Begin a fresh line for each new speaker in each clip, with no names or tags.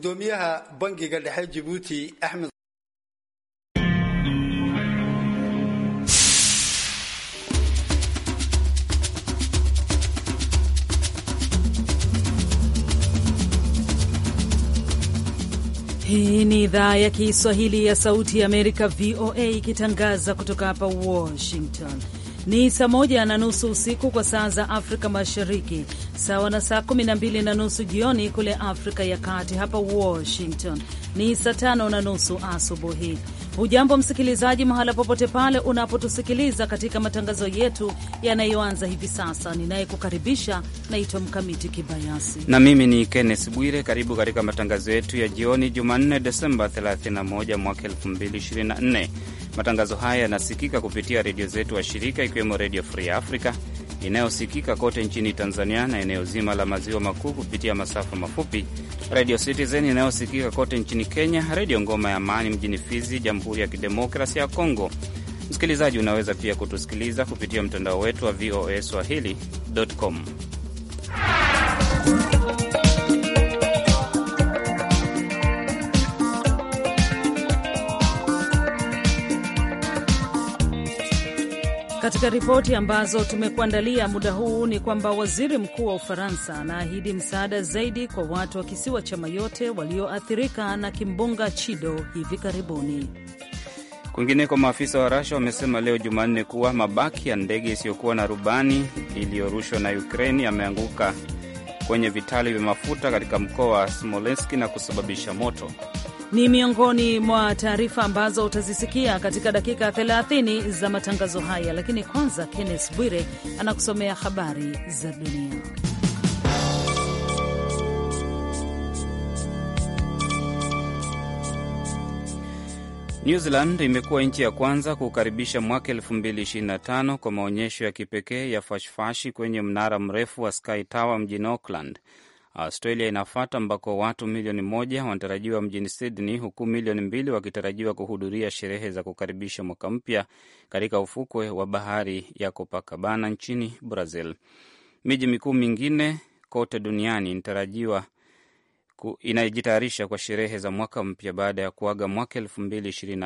gudoomiyaha Bangiga Dhexe jibuuti Ahmed
Hii ni idhaa ya Kiswahili ya Sauti ya Amerika, VOA, ikitangaza kutoka hapa Washington. Ni saa moja na nusu usiku kwa saa za Afrika Mashariki, sawa na saa kumi na mbili na nusu jioni kule Afrika ya Kati. Hapa Washington ni saa tano na nusu asubuhi. Hujambo msikilizaji, mahala popote pale unapotusikiliza katika matangazo yetu yanayoanza hivi sasa. Ninayekukaribisha naitwa Mkamiti Kibayasi
na mimi ni Kennes Bwire. Karibu katika matangazo yetu ya jioni, Jumanne Desemba 31 mwaka 2024. Matangazo haya yanasikika kupitia redio zetu wa shirika ikiwemo Redio Free Africa inayosikika kote nchini Tanzania na eneo zima la maziwa makuu kupitia masafa mafupi, Radio Citizen inayosikika kote nchini Kenya, Redio Ngoma ya Amani mjini Fizi, Jamhuri ya Kidemokrasia ya Kongo. Msikilizaji, unaweza pia kutusikiliza kupitia mtandao wetu wa VOA swahili.com.
Katika ripoti ambazo tumekuandalia muda huu ni kwamba waziri mkuu wa Ufaransa anaahidi msaada zaidi kwa watu wa kisiwa cha Mayotte walioathirika na kimbunga Chido hivi karibuni.
Kwingineko, maafisa wa Rasha wamesema leo Jumanne kuwa mabaki ya ndege isiyokuwa na rubani iliyorushwa na Ukraini yameanguka kwenye vitali vya mafuta katika mkoa wa Smolenski na kusababisha moto
ni miongoni mwa taarifa ambazo utazisikia katika dakika 30 za matangazo haya, lakini kwanza, Kenneth Bwire anakusomea habari za dunia.
New Zealand imekuwa nchi ya kwanza kukaribisha mwaka 2025 kwa maonyesho ya kipekee ya fashfashi kwenye mnara mrefu wa Sky Tower mjini Auckland. Uh, Australia inafata ambako watu milioni moja wanatarajiwa mjini Sydney, huku milioni mbili wakitarajiwa kuhudhuria sherehe za kukaribisha mwaka mpya katika ufukwe wa bahari ya Copacabana nchini Brazil. Miji mikuu mingine kote duniani inatarajiwa inajitayarisha kwa sherehe za mwaka mpya baada ya kuaga mwaka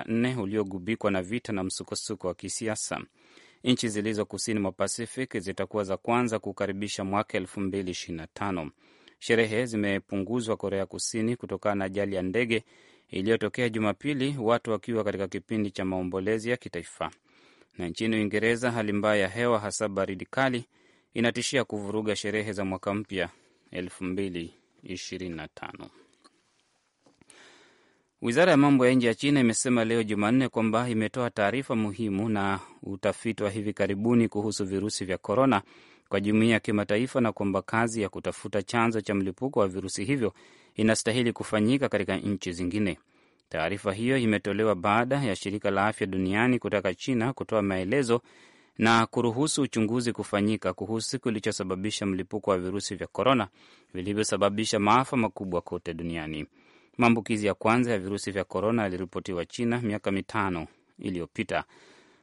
nne uliogubikwa na vita na msukosuko wa kisiasa. Nchi zilizo kusini mwa Pacific zitakuwa za kwanza kukaribisha mwaka tano. Sherehe zimepunguzwa Korea Kusini kutokana na ajali ya ndege iliyotokea Jumapili, watu wakiwa katika kipindi cha maombolezi ya kitaifa. Na nchini Uingereza, hali mbaya ya hewa, hasa baridi kali, inatishia kuvuruga sherehe za mwaka mpya 2025. Wizara ya mambo ya nje ya China imesema leo Jumanne kwamba imetoa taarifa muhimu na utafiti wa hivi karibuni kuhusu virusi vya korona kwa jumuiya ya kimataifa na kwamba kazi ya kutafuta chanzo cha mlipuko wa virusi hivyo inastahili kufanyika katika nchi zingine. Taarifa hiyo imetolewa baada ya shirika la afya duniani kutaka China kutoa maelezo na kuruhusu uchunguzi kufanyika kuhusu kilichosababisha mlipuko wa virusi vya korona vilivyosababisha maafa makubwa kote duniani. Maambukizi ya kwanza ya virusi vya korona yaliripotiwa China miaka mitano iliyopita.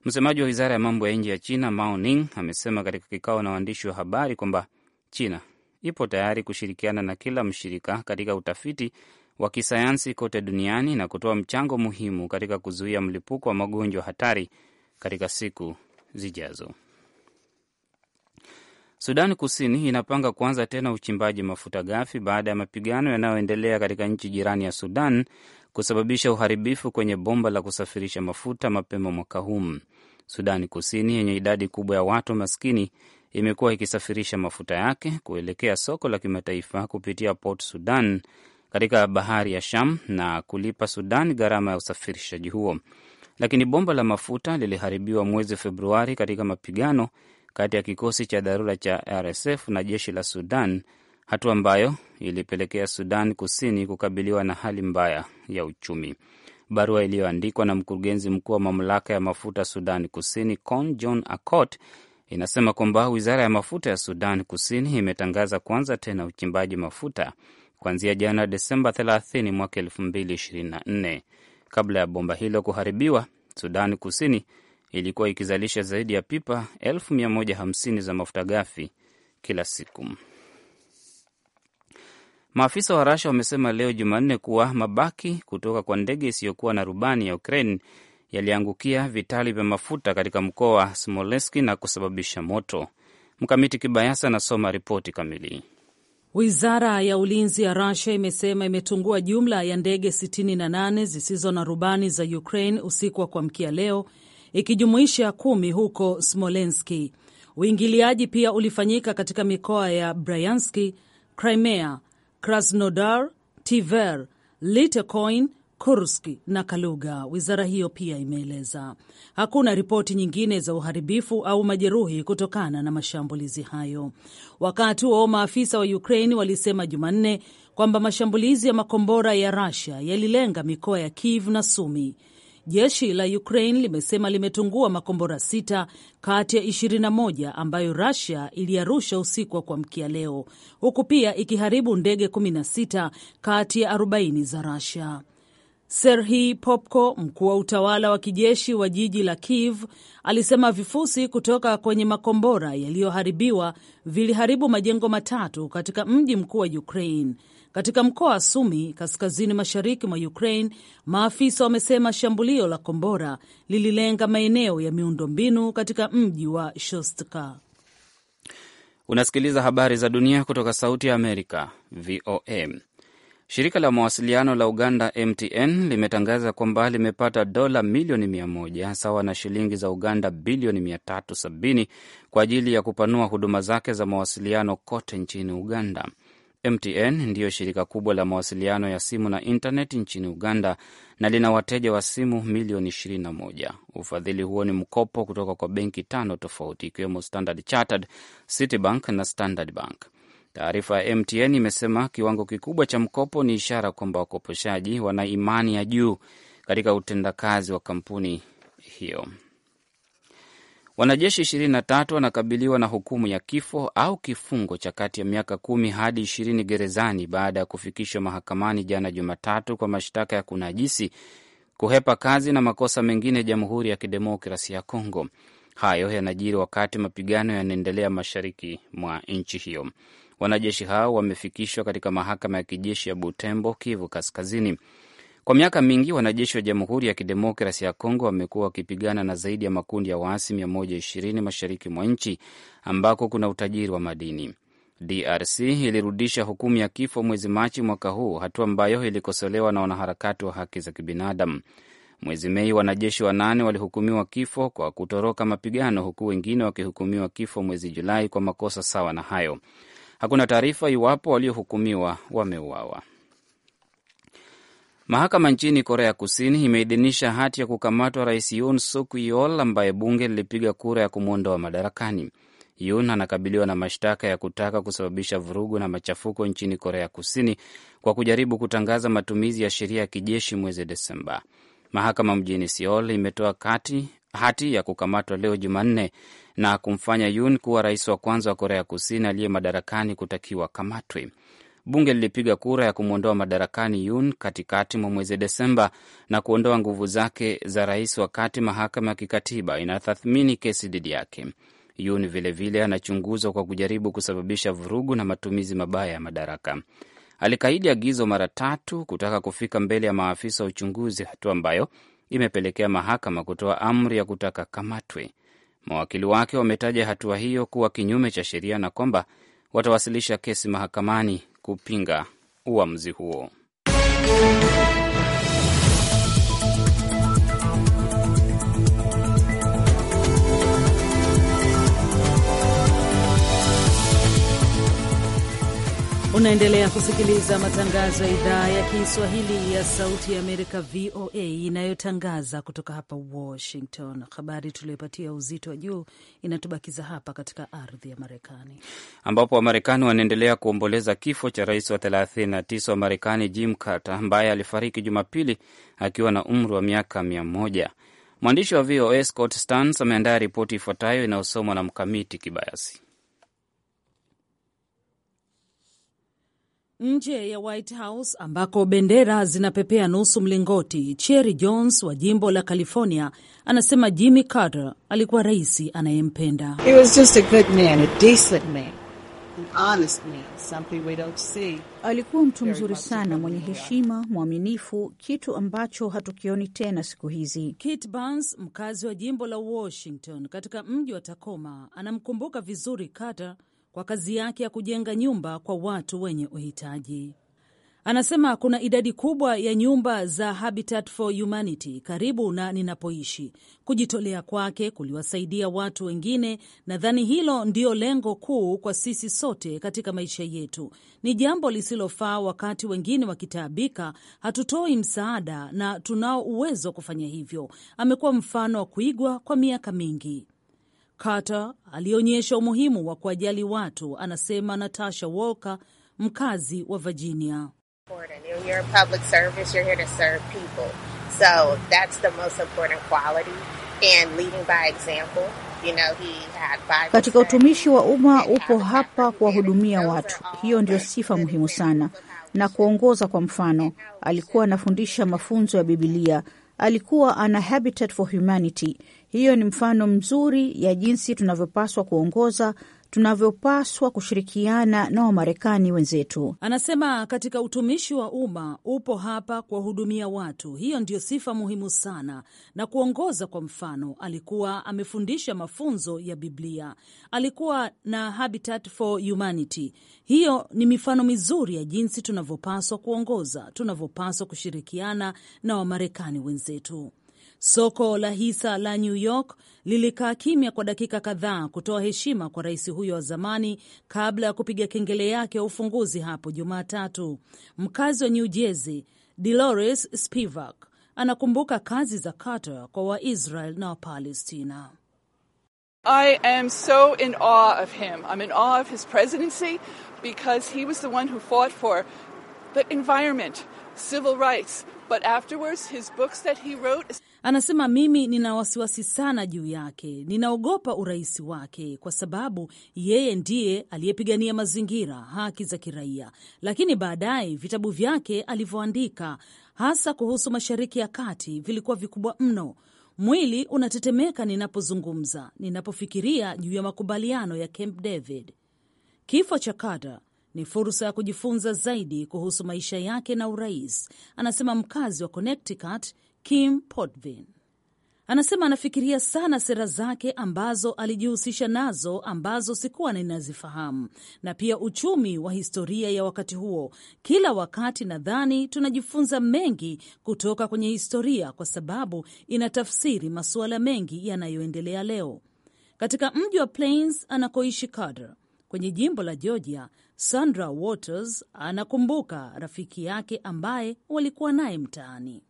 Msemaji wa wizara ya mambo ya nje ya China Mao Ning amesema katika kikao na waandishi wa habari kwamba China ipo tayari kushirikiana na kila mshirika katika utafiti wa kisayansi kote duniani na kutoa mchango muhimu katika kuzuia mlipuko wa magonjwa hatari katika siku zijazo. Sudan Kusini inapanga kuanza tena uchimbaji mafuta ghafi baada ya mapigano yanayoendelea katika nchi jirani ya Sudan kusababisha uharibifu kwenye bomba la kusafirisha mafuta mapema mwaka huu. Sudani Kusini yenye idadi kubwa ya watu maskini imekuwa ikisafirisha mafuta yake kuelekea soko la kimataifa kupitia Port Sudan katika bahari ya Sham na kulipa Sudan gharama ya usafirishaji huo, lakini bomba la mafuta liliharibiwa mwezi Februari katika mapigano kati ya kikosi cha dharura cha RSF na jeshi la Sudan hatua ambayo ilipelekea Sudan Kusini kukabiliwa na hali mbaya ya uchumi. Barua iliyoandikwa na mkurugenzi mkuu wa mamlaka ya mafuta Sudan Kusini, Con John Acot, inasema kwamba wizara ya mafuta ya Sudan Kusini imetangaza kuanza tena uchimbaji mafuta kuanzia jana Desemba 30 mwaka 2024. Kabla ya bomba hilo kuharibiwa, Sudan Kusini ilikuwa ikizalisha zaidi ya pipa 150 za mafuta ghafi kila siku. Maafisa wa Rasha wamesema leo Jumanne kuwa mabaki kutoka kwa ndege isiyokuwa na rubani ya Ukraine yaliangukia vitali vya mafuta katika mkoa wa Smolenski na kusababisha moto. Mkamiti Kibayasi anasoma ripoti kamili.
Wizara ya ulinzi ya Russia imesema imetungua jumla ya ndege 68 zisizo na rubani za Ukraine usiku wa kuamkia leo, ikijumuisha kumi huko Smolenski. Uingiliaji pia ulifanyika katika mikoa ya Bryanski, Crimea, Krasnodar, tiver Litecoin, Kursk na Kaluga. Wizara hiyo pia imeeleza hakuna ripoti nyingine za uharibifu au majeruhi kutokana na mashambulizi hayo. Wakati huo maafisa wa Ukraine walisema Jumanne kwamba mashambulizi ya makombora ya Russia yalilenga mikoa ya Kiev na Sumi Jeshi la Ukraine limesema limetungua makombora sita kati ya 21 ambayo Russia iliyarusha usiku wa kuamkia leo, huku pia ikiharibu ndege 16 kati ya 40 za Russia. Serhii Popko, mkuu wa utawala wa kijeshi wa jiji la Kiev, alisema vifusi kutoka kwenye makombora yaliyoharibiwa viliharibu majengo matatu katika mji mkuu wa Ukraine katika mkoa wa Sumi, kaskazini mashariki mwa Ukraine, maafisa wamesema shambulio la kombora lililenga maeneo ya miundombinu katika mji wa Shostka.
Unasikiliza habari za dunia kutoka Sauti ya Amerika, VOA. Shirika la mawasiliano la Uganda, MTN, limetangaza kwamba limepata dola milioni 100 sawa na shilingi za Uganda bilioni 370 kwa ajili ya kupanua huduma zake za mawasiliano kote nchini Uganda. MTN ndiyo shirika kubwa la mawasiliano ya simu na intaneti nchini Uganda na lina wateja wa simu milioni 21. Ufadhili huo ni mkopo kutoka kwa benki tano tofauti ikiwemo Standard Chartered, Citibank na Standard Bank. Taarifa ya MTN imesema kiwango kikubwa cha mkopo ni ishara kwamba wakopeshaji wana imani ya juu katika utendakazi wa kampuni hiyo. Wanajeshi 23 wanakabiliwa na hukumu ya kifo au kifungo cha kati ya miaka kumi hadi ishirini gerezani baada ya kufikishwa mahakamani jana Jumatatu kwa mashtaka ya kunajisi, kuhepa kazi na makosa mengine ya Jamhuri ya Kidemokrasi ya Kongo. Hayo yanajiri wakati mapigano yanaendelea mashariki mwa nchi hiyo. Wanajeshi hao wamefikishwa katika mahakama ya kijeshi ya Butembo, Kivu Kaskazini. Kwa miaka mingi wanajeshi wa Jamhuri ya Kidemokrasi ya Kongo wamekuwa wakipigana na zaidi ya makundi ya waasi 120 mashariki mwa nchi ambako kuna utajiri wa madini. DRC ilirudisha hukumu ya kifo mwezi Machi mwaka huu, hatua ambayo ilikosolewa na wanaharakati wa haki za kibinadamu. Mwezi Mei, wanajeshi wanane walihukumiwa kifo kwa kutoroka mapigano, huku wengine wakihukumiwa kifo mwezi Julai kwa makosa sawa na hayo. Hakuna taarifa iwapo waliohukumiwa wameuawa. Mahakama nchini Korea Kusini imeidhinisha hati ya kukamatwa rais Yoon Suk Yeol ambaye bunge lilipiga kura ya kumwondoa madarakani. Yoon anakabiliwa na mashtaka ya kutaka kusababisha vurugu na machafuko nchini Korea Kusini kwa kujaribu kutangaza matumizi ya sheria ya kijeshi mwezi Desemba. Mahakama mjini Seoul imetoa kati hati ya kukamatwa leo Jumanne na kumfanya Yoon kuwa rais wa kwanza wa Korea Kusini aliye madarakani kutakiwa kamatwe. Bunge lilipiga kura ya kumwondoa madarakani Yun katikati mwa mwezi Desemba na kuondoa nguvu zake za rais, wakati mahakama ya kikatiba inatathmini kesi dhidi yake. Yun vilevile anachunguzwa kwa kujaribu kusababisha vurugu na matumizi mabaya ya madaraka. Alikaidi agizo mara tatu kutaka kufika mbele ya maafisa wa uchunguzi, hatua ambayo imepelekea mahakama kutoa amri ya kutaka kamatwe. Mawakili wake wametaja hatua hiyo kuwa kinyume cha sheria na kwamba watawasilisha kesi mahakamani kupinga uamuzi huo.
Unaendelea kusikiliza matangazo ya idhaa ya Kiswahili ya Sauti ya Amerika, VOA, inayotangaza kutoka hapa Washington. Habari tuliyopatia uzito wa juu inatubakiza hapa katika ardhi ya Marekani,
ambapo Wamarekani wanaendelea kuomboleza kifo cha rais wa 39 wa Marekani, Jim Carter, ambaye alifariki Jumapili akiwa na umri wa miaka 1 Mwandishi wa VOA Scott Stans ameandaa ripoti ifuatayo inayosomwa na Mkamiti Kibayasi.
Nje ya White House ambako bendera zinapepea nusu mlingoti, Cherry Jones wa jimbo la California anasema Jimmy Carter alikuwa rais anayempenda. Alikuwa mtu mzuri sana, mwenye heshima, mwaminifu, kitu ambacho hatukioni tena siku hizi. Kit Burns, mkazi wa jimbo la Washington katika mji wa Tacoma, anamkumbuka vizuri Carter kwa kazi yake ya kujenga nyumba kwa watu wenye uhitaji. Anasema kuna idadi kubwa ya nyumba za Habitat for Humanity karibu na ninapoishi. Kujitolea kwake kuliwasaidia watu wengine. Nadhani hilo ndiyo lengo kuu kwa sisi sote katika maisha yetu. Ni jambo lisilofaa wakati wengine wakitaabika, hatutoi msaada na tunao uwezo wa kufanya hivyo. Amekuwa mfano wa kuigwa kwa miaka mingi. Carter alionyesha umuhimu wa kuwajali watu, anasema Natasha Walker, mkazi wa Virginia.
katika utumishi
wa umma upo hapa kuwahudumia watu, hiyo ndio sifa muhimu sana, na kuongoza kwa mfano. Alikuwa anafundisha mafunzo ya Bibilia, alikuwa ana Habitat for Humanity hiyo ni mfano mzuri ya jinsi tunavyopaswa kuongoza tunavyopaswa kushirikiana na Wamarekani wenzetu, anasema. Katika utumishi wa umma upo hapa kuwahudumia watu, hiyo ndiyo sifa muhimu sana, na kuongoza kwa mfano. Alikuwa amefundisha mafunzo ya Biblia, alikuwa na Habitat for Humanity. Hiyo ni mifano mizuri ya jinsi tunavyopaswa kuongoza, tunavyopaswa kushirikiana na Wamarekani wenzetu. Soko la hisa la New York lilikaa kimya kwa dakika kadhaa kutoa heshima kwa rais huyo wa zamani kabla ya kupiga kengele yake ya ufunguzi hapo Jumatatu. Mkazi wa New Jersey, Dolores Spivak, anakumbuka kazi za Carter kwa Waisrael na Wapalestina.
I am so in awe of him. I'm in awe of his presidency because he was the one who fought for the environment, civil rights, but afterwards his books that he wrote
Anasema mimi nina wasiwasi sana juu yake, ninaogopa urais wake kwa sababu yeye ndiye aliyepigania mazingira, haki za kiraia, lakini baadaye vitabu vyake alivyoandika hasa kuhusu Mashariki ya Kati vilikuwa vikubwa mno. Mwili unatetemeka ninapozungumza, ninapofikiria juu ya makubaliano ya Camp David. Kifo cha Carter ni fursa ya kujifunza zaidi kuhusu maisha yake na urais, anasema mkazi wa Connecticut Kim Potvin anasema anafikiria sana sera zake ambazo alijihusisha nazo ambazo sikuwa ninazifahamu, na pia uchumi wa historia ya wakati huo. Kila wakati nadhani tunajifunza mengi kutoka kwenye historia, kwa sababu inatafsiri masuala mengi yanayoendelea leo. Katika mji wa Plains anakoishi Carter kwenye jimbo la Georgia, Sandra Waters anakumbuka rafiki yake ambaye walikuwa naye mtaani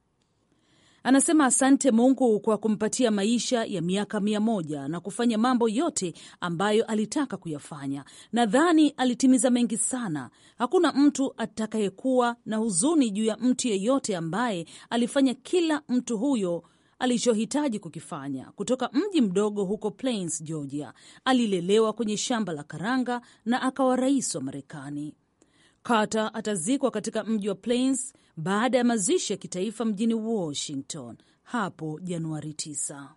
Anasema asante Mungu kwa kumpatia maisha ya miaka mia moja na kufanya mambo yote ambayo alitaka kuyafanya. Nadhani alitimiza mengi sana. Hakuna mtu atakayekuwa na huzuni juu ya mtu yeyote ambaye alifanya kila mtu huyo alichohitaji kukifanya. Kutoka mji mdogo huko Plains, Georgia, alilelewa kwenye shamba la karanga na akawa rais wa Marekani. Carter atazikwa katika mji wa Plains baada ya mazishi ya kitaifa mjini Washington hapo Januari 9.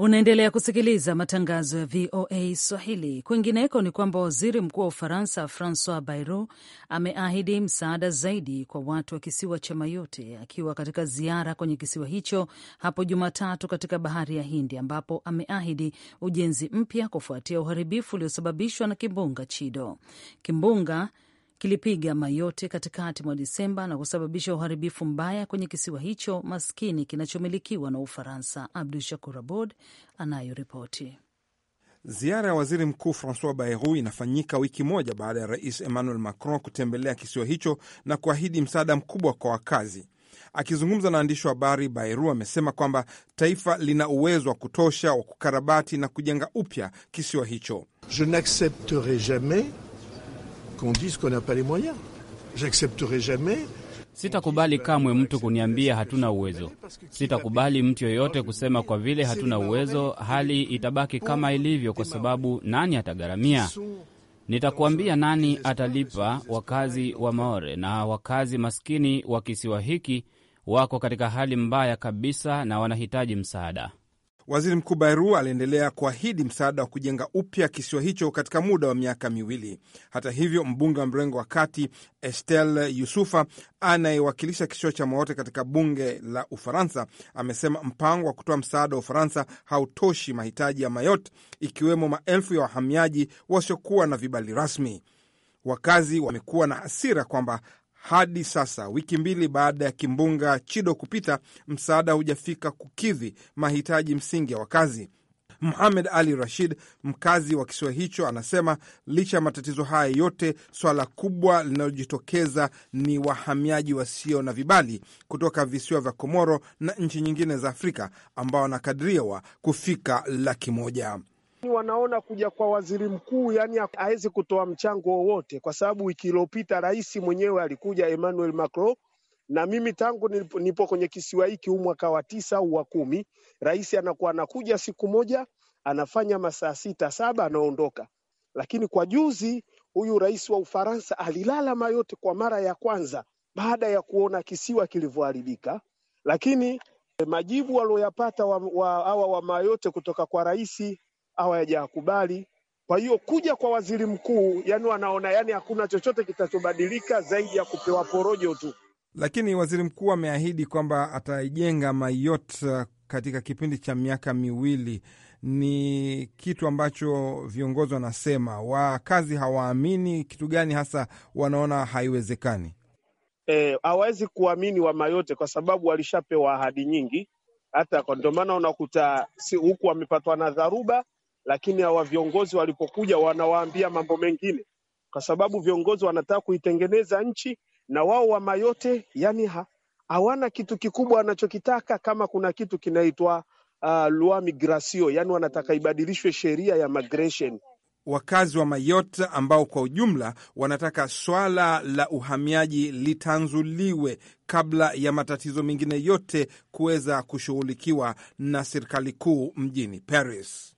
Unaendelea kusikiliza matangazo ya VOA Swahili. Kwingineko ni kwamba waziri mkuu wa Ufaransa Francois Bayrou ameahidi msaada zaidi kwa watu wa kisiwa cha Mayotte akiwa katika ziara kwenye kisiwa hicho hapo Jumatatu katika bahari ya Hindi, ambapo ameahidi ujenzi mpya kufuatia uharibifu uliosababishwa na kimbunga Chido. Kimbunga kilipiga mayote katikati mwa disemba na kusababisha uharibifu mbaya kwenye kisiwa hicho maskini kinachomilikiwa na Ufaransa. Abdu Shakur Abod anayoripoti.
Ziara ya waziri mkuu Francois Bayrou inafanyika wiki moja baada ya rais Emmanuel Macron kutembelea kisiwa hicho na kuahidi msaada mkubwa kwa wakazi. Akizungumza na waandishi wa habari, Bayrou amesema kwamba taifa lina uwezo wa kutosha wa kukarabati na kujenga upya kisiwa hicho. Je n'accepterai jamais qu'on dise qu'on n'a pas les moyens. J'accepterai jamais Sitakubali
kamwe mtu kuniambia hatuna uwezo. Sitakubali mtu yoyote kusema kwa vile hatuna uwezo, hali itabaki kama ilivyo, kwa sababu nani atagharamia? Nitakuambia nani atalipa. Wakazi wa Maore na wakazi maskini wa kisiwa hiki wako katika hali mbaya kabisa na wanahitaji msaada.
Waziri Mkuu Bairu aliendelea kuahidi msaada wa kujenga upya kisiwa hicho katika muda wa miaka miwili. Hata hivyo, mbunge wa mrengo wa kati Estel Yusufa anayewakilisha kisiwa cha Mayotte katika bunge la Ufaransa amesema mpango wa kutoa msaada wa Ufaransa hautoshi mahitaji ya Mayotte, ikiwemo maelfu ya wahamiaji wasiokuwa na vibali rasmi. Wakazi wamekuwa na hasira kwamba hadi sasa, wiki mbili baada ya kimbunga Chido kupita, msaada hujafika kukidhi mahitaji msingi ya wakazi. Muhamed Ali Rashid, mkazi wa kisiwa hicho, anasema licha ya matatizo haya yote, swala kubwa linalojitokeza ni wahamiaji wasio na vibali kutoka visiwa vya Komoro na nchi nyingine za Afrika ambao wanakadiriwa kufika laki moja.
Wanaona kuja kwa waziri mkuu yani hawezi kutoa mchango wowote, kwa sababu wiki iliyopita rais mwenyewe alikuja Emmanuel Macron, na mimi tangu nipo kwenye kisiwa hiki huu mwaka wa tisa au wa kumi, rais anakuwa anakuja siku moja anafanya masaa sita saba anaondoka. Lakini kwa juzi huyu rais wa Ufaransa alilala mayote kwa mara ya kwanza baada ya kuona kisiwa kilivyoharibika, lakini majibu walioyapata hawa wa, wa, wa mayote kutoka kwa rais hawajakubali. Kwa hiyo kuja kwa waziri mkuu, yani wanaona yani hakuna chochote kitachobadilika zaidi ya kupewa porojo tu.
Lakini waziri mkuu ameahidi kwamba ataijenga Mayot uh, katika kipindi cha miaka miwili. Ni kitu ambacho viongozi wanasema, wakazi hawaamini. Kitu gani hasa wanaona haiwezekani?
E, hawawezi e, kuamini mayote kwa sababu walishapewa ahadi nyingi, hata ndio maana unakuta si huku wamepatwa na dharuba lakini hawa viongozi walipokuja wanawaambia mambo mengine, kwa sababu viongozi wanataka kuitengeneza nchi na wao wa mayote yani hawana kitu kikubwa wanachokitaka. Kama kuna kitu kinaitwa uh, lua migrasio, yani wanataka ibadilishwe sheria ya migration
wakazi wa Mayota ambao kwa ujumla wanataka swala la uhamiaji litanzuliwe kabla ya matatizo mengine yote kuweza kushughulikiwa na serikali kuu mjini Paris.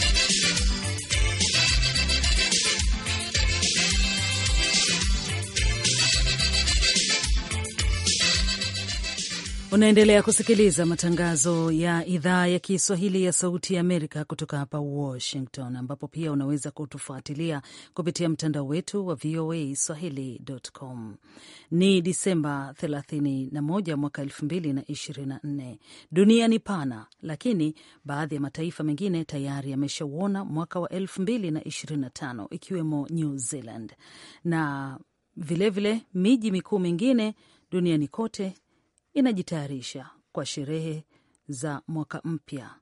Unaendelea kusikiliza matangazo ya idhaa ya Kiswahili ya Sauti ya Amerika kutoka hapa Washington, ambapo pia unaweza kutufuatilia kupitia mtandao wetu wa VOA Swahili.com. Ni Disemba 31 mwaka 2024. Dunia ni pana, lakini baadhi ya mataifa mengine tayari yameshauona mwaka wa 2025 ikiwemo New Zealand na vilevile miji mikuu mingine duniani kote inajitayarisha kwa sherehe za mwaka mpya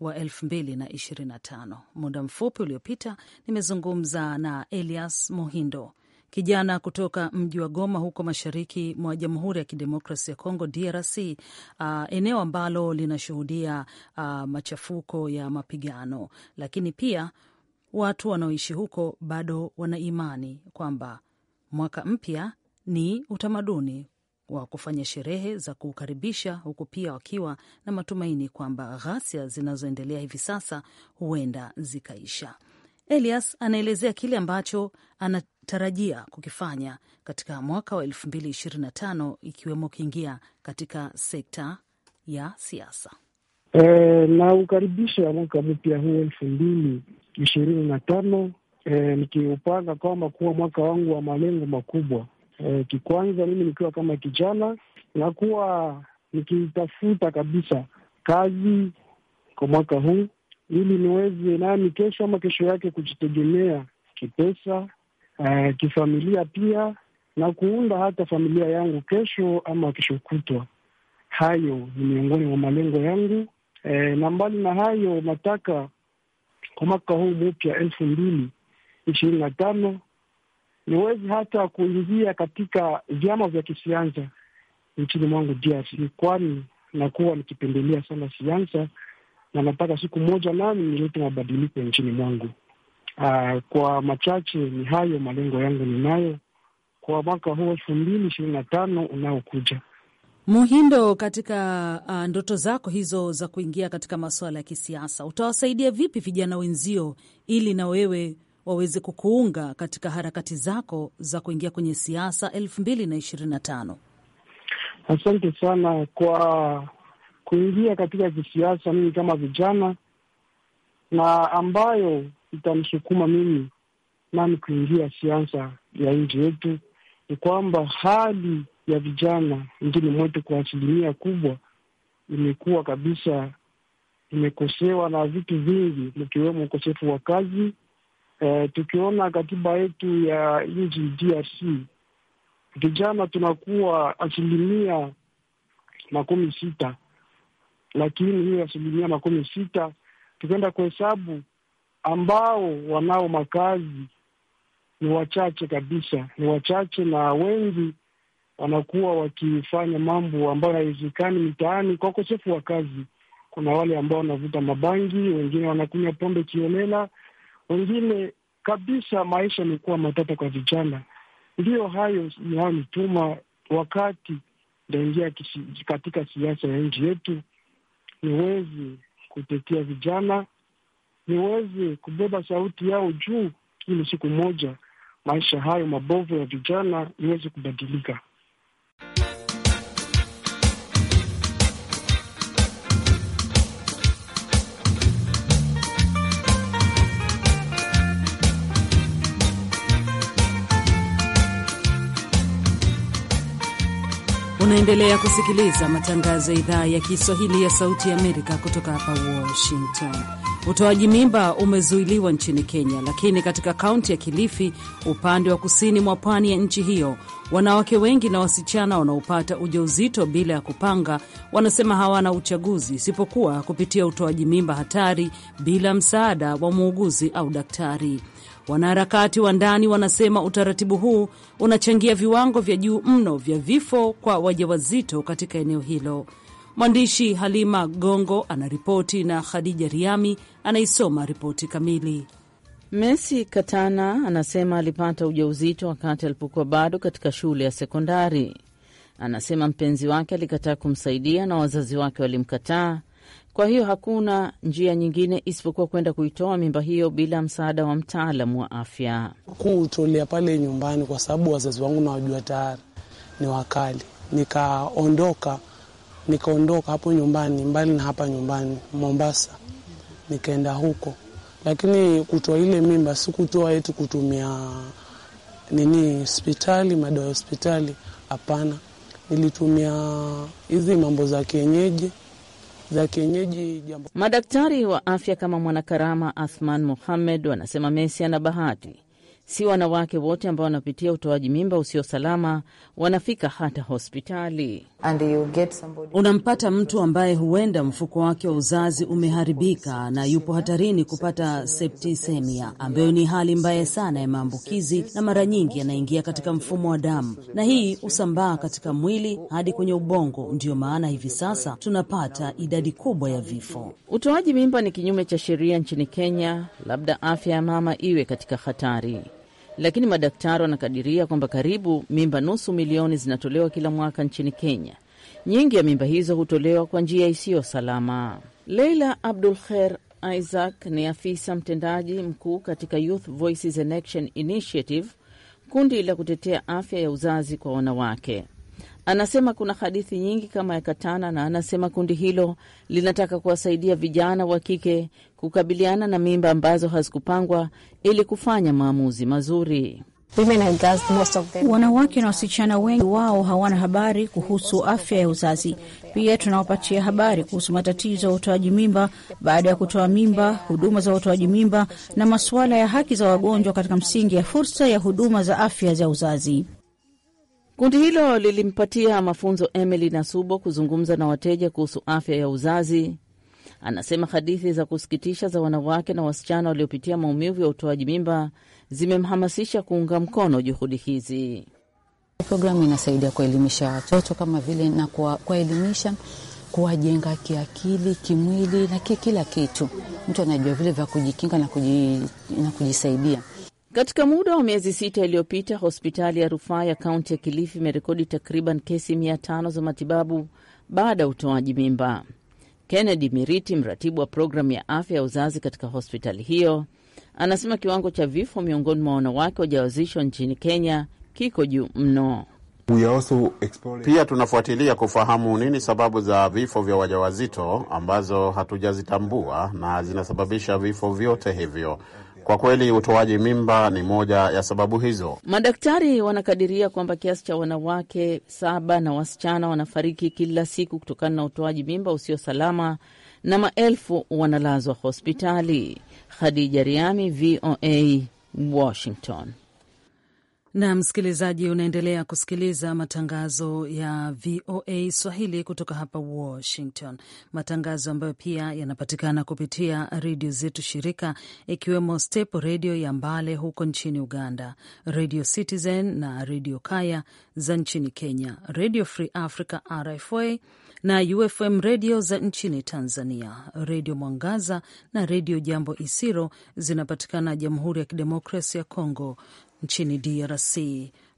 wa 2025. Muda mfupi uliopita nimezungumza na Elias Mohindo, kijana kutoka mji wa Goma huko mashariki mwa Jamhuri ya Kidemokrasi ya Kongo, DRC, uh, eneo ambalo linashuhudia uh, machafuko ya mapigano, lakini pia watu wanaoishi huko bado wana imani kwamba mwaka mpya ni utamaduni wa kufanya sherehe za kuukaribisha, huku pia wakiwa na matumaini kwamba ghasia zinazoendelea hivi sasa huenda zikaisha. Elias anaelezea kile ambacho anatarajia kukifanya katika mwaka wa 2025 ikiwemo kiingia katika sekta ya siasa.
E, na ukaribisha mwaka mpya huu elfu mbili ishirini na tano e, nikiupanga kwamba kuwa mwaka wangu wa malengo makubwa eh, kikwanza mimi nikiwa kama kijana nakuwa nikitafuta kabisa kazi kwa mwaka huu ili niweze nani kesho ama kesho yake kujitegemea kipesa, eh, kifamilia pia na kuunda hata familia yangu kesho ama kesho kutwa. Hayo ni miongoni mwa malengo yangu e, na mbali na hayo nataka kwa mwaka huu mpya elfu mbili ishirini na tano ni wezi hata kuingia katika vyama vya kisiasa nchini mwangu DRC, kwani nakuwa nikipendelea sana siasa na nataka siku moja nami nilete mabadiliko nchini mwangu. Aa, ah, kwa machache ni hayo malengo yangu ninayo kwa mwaka huu elfu mbili ishirini na tano unaokuja.
Muhindo, katika uh, ndoto zako hizo za kuingia katika masuala ya kisiasa, utawasaidia vipi vijana wenzio ili na wewe waweze kukuunga katika harakati zako za kuingia kwenye siasa elfu mbili na ishirini na tano?
Asante sana kwa kuingia katika kisiasa mimi kama vijana, na ambayo itamsukuma mimi nami kuingia siasa ya nchi yetu ni kwamba hali ya vijana nchini mwetu kwa asilimia kubwa imekuwa kabisa imekosewa na vitu vingi, mkiwemo ukosefu wa kazi, Eh, tukiona katiba yetu ya nchi DRC vijana tunakuwa asilimia makumi sita, lakini hiyo asilimia makumi sita tukienda hesabu ambao wanao makazi ni wachache kabisa, ni wachache, na wengi wanakuwa wakifanya mambo ambayo haiwezekani mitaani kwa ukosefu wa kazi. Kuna wale ambao wanavuta mabangi, wengine wanakunywa pombe kiolela wengine kabisa maisha yamekuwa matata kwa vijana. Ndiyo hayo inayonituma wakati ndaingia katika siasa ya nchi yetu, niweze kutetea vijana, niweze kubeba sauti yao juu, ili siku moja maisha hayo mabovu ya vijana iweze kubadilika.
Unaendelea kusikiliza matangazo ya idhaa ya Kiswahili ya Sauti ya Amerika kutoka hapa Washington. Utoaji mimba umezuiliwa nchini Kenya, lakini katika kaunti ya Kilifi, upande wa kusini mwa pwani ya nchi hiyo, wanawake wengi na wasichana wanaopata ujauzito bila ya kupanga wanasema hawana uchaguzi isipokuwa kupitia utoaji mimba hatari bila msaada wa muuguzi au daktari. Wanaharakati wa ndani wanasema utaratibu huu unachangia viwango vya juu mno vya vifo kwa wajawazito katika eneo hilo. Mwandishi Halima Gongo anaripoti
na Khadija Riami anaisoma ripoti kamili. Messi Katana anasema alipata ujauzito wakati alipokuwa bado katika shule ya sekondari. Anasema mpenzi wake alikataa kumsaidia na wazazi wake walimkataa kwa hiyo hakuna njia nyingine isipokuwa kwenda kuitoa mimba hiyo bila msaada wa mtaalamu wa afya. kutolea pale nyumbani, kwa sababu wazazi wangu nawajua tayari ni wakali,
nikaondoka nikaondoka hapo nyumbani, mbali na hapa nyumbani Mombasa, nikaenda huko. Lakini kutoa ile mimba si kutoa eti kutumia nini hospitali, madawa ya hospitali, hapana. Nilitumia hizi
mambo za kienyeji za kienyeji jambo. Madaktari wa afya kama Mwanakarama Athman Mohammed wanasema Messi ana bahati, si wanawake wote ambao wanapitia utoaji mimba usio salama wanafika hata hospitali
unampata mtu ambaye huenda mfuko wake wa uzazi umeharibika na yupo hatarini kupata septisemia, ambayo ni hali mbaya sana ya maambukizi, na mara nyingi yanaingia katika mfumo wa damu, na hii husambaa katika mwili hadi kwenye ubongo. Ndiyo maana hivi sasa tunapata idadi kubwa ya vifo.
Utoaji mimba ni kinyume cha sheria nchini Kenya, labda afya ya mama iwe katika hatari lakini madaktari wanakadiria kwamba karibu mimba nusu milioni zinatolewa kila mwaka nchini Kenya. Nyingi ya mimba hizo hutolewa kwa njia isiyo salama. Leila Abdul Kher Isaac ni afisa mtendaji mkuu katika Youth Voices and Action Initiative, kundi la kutetea afya ya uzazi kwa wanawake. Anasema kuna hadithi nyingi kama ya Katana, na anasema kundi hilo linataka kuwasaidia vijana wa kike kukabiliana na mimba ambazo hazikupangwa ili kufanya maamuzi mazuri. Wanawake na wasichana wengi wao hawana habari kuhusu afya ya uzazi. Pia tunawapatia habari kuhusu matatizo ya utoaji mimba
baada ya kutoa mimba, huduma za utoaji mimba na masuala ya haki za wagonjwa katika msingi ya fursa ya huduma za afya za uzazi.
Kundi hilo lilimpatia mafunzo Emily Nasubo kuzungumza na wateja kuhusu afya ya uzazi. Anasema hadithi za kusikitisha za wanawake na wasichana waliopitia maumivu ya utoaji mimba zimemhamasisha kuunga mkono juhudi hizi. Programu inasaidia kuelimisha watoto kama vile na kuwaelimisha kuwajenga kiakili, kimwili na kila kitu. Mtu anajua vile vya kujikinga na, kuji, na kujisaidia. Katika muda wa miezi sita iliyopita, hospitali ya rufaa ya kaunti ya Kilifi imerekodi takriban kesi mia tano za matibabu baada ya utoaji mimba. Kennedy Miriti, mratibu wa programu ya afya ya uzazi katika hospitali hiyo, anasema kiwango cha vifo miongoni mwa wanawake wajawazishwa nchini Kenya kiko juu mno.
Pia tunafuatilia kufahamu nini sababu za vifo vya wajawazito ambazo hatujazitambua na zinasababisha vifo vyote hivyo. Kwa kweli utoaji mimba ni moja ya sababu hizo.
Madaktari wanakadiria kwamba kiasi cha wanawake saba na wasichana wanafariki kila siku kutokana na utoaji mimba usio salama na maelfu wanalazwa hospitali. Khadija Riami, VOA, Washington
na msikilizaji, unaendelea kusikiliza matangazo ya VOA Swahili kutoka hapa Washington, matangazo ambayo pia yanapatikana kupitia redio zetu shirika, ikiwemo Step Redio ya Mbale huko nchini Uganda, Redio Citizen na Redio Kaya za nchini Kenya, Redio Free Africa RFA na UFM redio za nchini Tanzania, Redio Mwangaza na Redio Jambo Isiro zinapatikana Jamhuri ya kidemokrasi ya congo Nchini DRC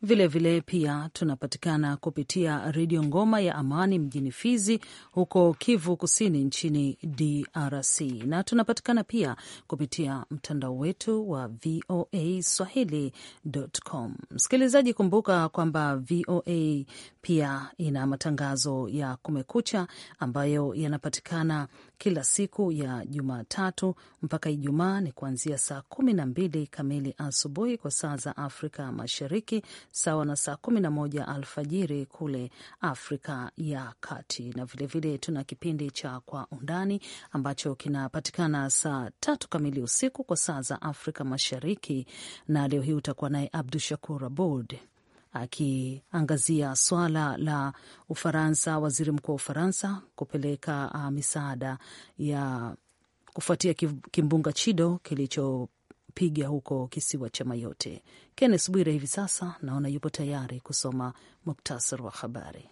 Vilevile vile pia tunapatikana kupitia redio Ngoma ya Amani mjini Fizi huko Kivu Kusini nchini DRC, na tunapatikana pia kupitia mtandao wetu wa VOA Swahili.com. Msikilizaji, kumbuka kwamba VOA pia ina matangazo ya Kumekucha ambayo yanapatikana kila siku ya Jumatatu mpaka Ijumaa ni kuanzia saa kumi na mbili kamili asubuhi kwa saa za Afrika Mashariki, sawa na saa kumi na moja alfajiri kule Afrika ya Kati. Na vilevile vile tuna kipindi cha Kwa Undani ambacho kinapatikana saa tatu kamili usiku kwa saa za Afrika Mashariki, na leo hii utakuwa naye Abdu Shakur Abud akiangazia swala la Ufaransa, waziri mkuu wa Ufaransa kupeleka uh, misaada ya kufuatia kimbunga Chido kilichopiga huko kisiwa cha mayote kennes Bwire hivi sasa naona yupo tayari kusoma muktasar wa habari.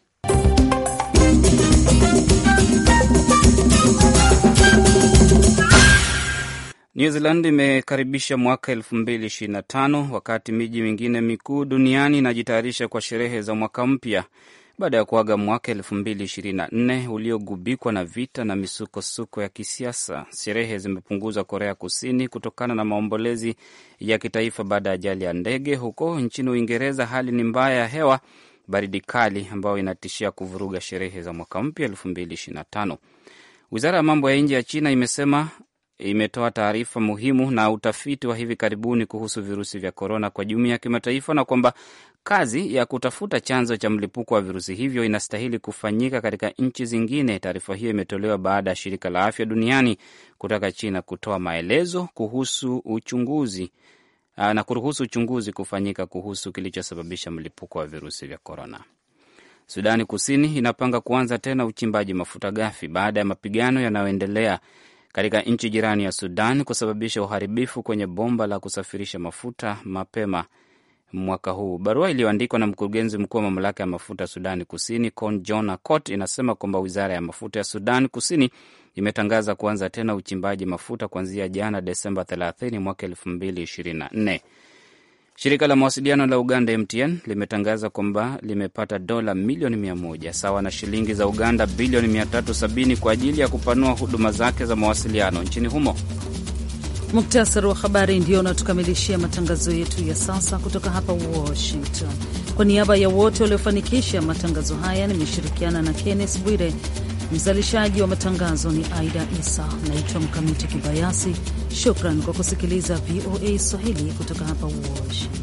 New Zealand imekaribisha mwaka 2025 wakati miji mingine mikuu duniani inajitayarisha kwa sherehe za mwaka mpya baada ya kuaga mwaka 2024 uliogubikwa na vita na misukosuko ya kisiasa. Sherehe zimepunguzwa Korea Kusini kutokana na maombolezi ya kitaifa baada ya ajali ya ndege. Huko nchini Uingereza, hali ni mbaya ya hewa, baridi kali ambayo inatishia kuvuruga sherehe za mwaka mpya 2025. Wizara ya mambo ya nje ya China imesema imetoa taarifa muhimu na utafiti wa hivi karibuni kuhusu virusi vya korona kwa jumuiya ya kimataifa na kwamba kazi ya kutafuta chanzo cha mlipuko wa virusi hivyo inastahili kufanyika katika nchi zingine. Taarifa hiyo imetolewa baada ya shirika la afya duniani kutaka China kutoa maelezo kuhusu uchunguzi ah, na kuruhusu uchunguzi kufanyika kuhusu kilichosababisha mlipuko wa virusi vya korona. Sudani Kusini inapanga kuanza tena uchimbaji mafuta ghafi baada ya mapigano yanayoendelea katika nchi jirani ya Sudan kusababisha uharibifu kwenye bomba la kusafirisha mafuta mapema mwaka huu. Barua iliyoandikwa na mkurugenzi mkuu wa mamlaka ya mafuta Sudani Kusini, Con John Acott, inasema kwamba wizara ya mafuta ya Sudan Kusini imetangaza kuanza tena uchimbaji mafuta kuanzia jana Desemba 30 mwaka 2024. Shirika la mawasiliano la Uganda MTN limetangaza kwamba limepata dola milioni 100 sawa na shilingi za Uganda bilioni 370 kwa ajili ya kupanua huduma zake za mawasiliano nchini humo.
Muktasari wa habari ndio unatukamilishia matangazo yetu ya sasa kutoka hapa Washington. Kwa niaba ya wote waliofanikisha matangazo haya, nimeshirikiana na Kennes Bwire, mzalishaji wa matangazo ni Aida Isa, naitwa Mkamiti Kibayasi. Shukran kwa kusikiliza VOA Swahili kutoka hapa Washington.